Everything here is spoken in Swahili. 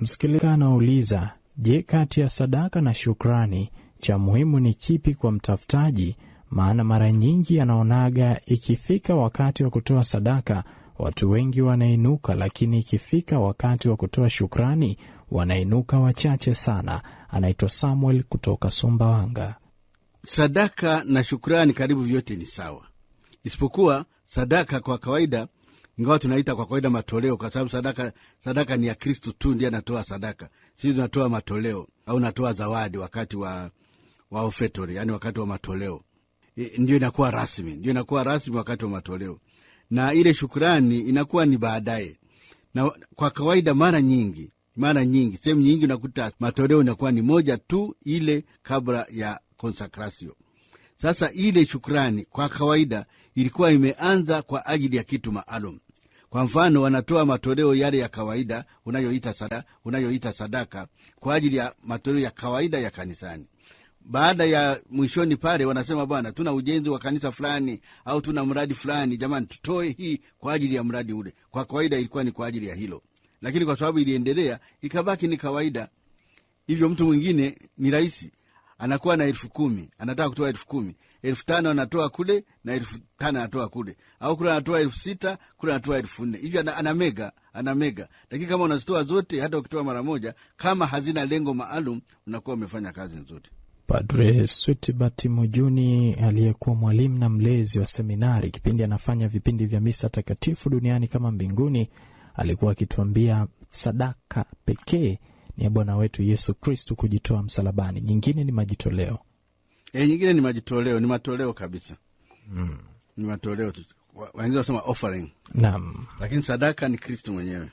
Msikilizaji anauliza, je, kati ya sadaka na shukrani cha muhimu ni kipi kwa mtafutaji? Maana mara nyingi anaonaga ikifika wakati wa kutoa sadaka watu wengi wanainuka, lakini ikifika wakati wa kutoa shukrani wanainuka wachache sana. Anaitwa Samuel kutoka Sumbawanga. Sadaka na shukrani karibu vyote ni sawa, isipokuwa sadaka kwa kawaida ingawa tunaita kwa kawaida matoleo, kwa sababu sadaka, sadaka ni ya Kristu tu ndiye anatoa sadaka. Sisi tunatoa matoleo au natoa zawadi wakati wa, wa ofetori, yani wakati wa matoleo e, ndio inakuwa rasmi, ndio inakuwa rasmi wakati wa matoleo, na ile shukurani inakuwa ni baadaye. Na kwa kawaida mara nyingi mara nyingi sehemu nyingi unakuta matoleo inakuwa ni moja tu ile kabla ya konsakrasio. Sasa ile shukrani kwa kawaida ilikuwa imeanza kwa ajili ya kitu maalum. Kwa mfano, wanatoa matoleo yale ya kawaida unayoita sadaka, unayoita sadaka kwa ajili ya matoleo ya kawaida ya kanisani. Baada ya mwishoni pale, wanasema bwana, tuna ujenzi wa kanisa fulani au tuna mradi fulani, jamani, tutoe hii kwa ajili ya mradi ule. Kwa kawaida ilikuwa ni kwa ajili ya hilo, lakini kwa sababu iliendelea, ikabaki ni kawaida. Hivyo mtu mwingine ni rahisi anakuwa na elfu kumi anataka kutoa elfu kumi elfu tano anatoa kule na elfu tano anatoa kule, au kule anatoa elfu sita kule anatoa elfu nne hivyo anamega anamega. Lakini kama unazitoa zote, hata ukitoa mara moja, kama hazina lengo maalum, unakuwa umefanya kazi nzuri. Padre Switbert Mujuni aliyekuwa mwalimu na mlezi wa seminari kipindi anafanya vipindi vya misa takatifu duniani kama mbinguni, alikuwa akituambia sadaka pekee ni ya Bwana wetu Yesu Kristu kujitoa msalabani. Nyingine ni majitoleo e, nyingine ni majitoleo, ni matoleo kabisa mm. ni matoleo, wengine wanasema offering. Naam, lakini sadaka ni Kristu mwenyewe.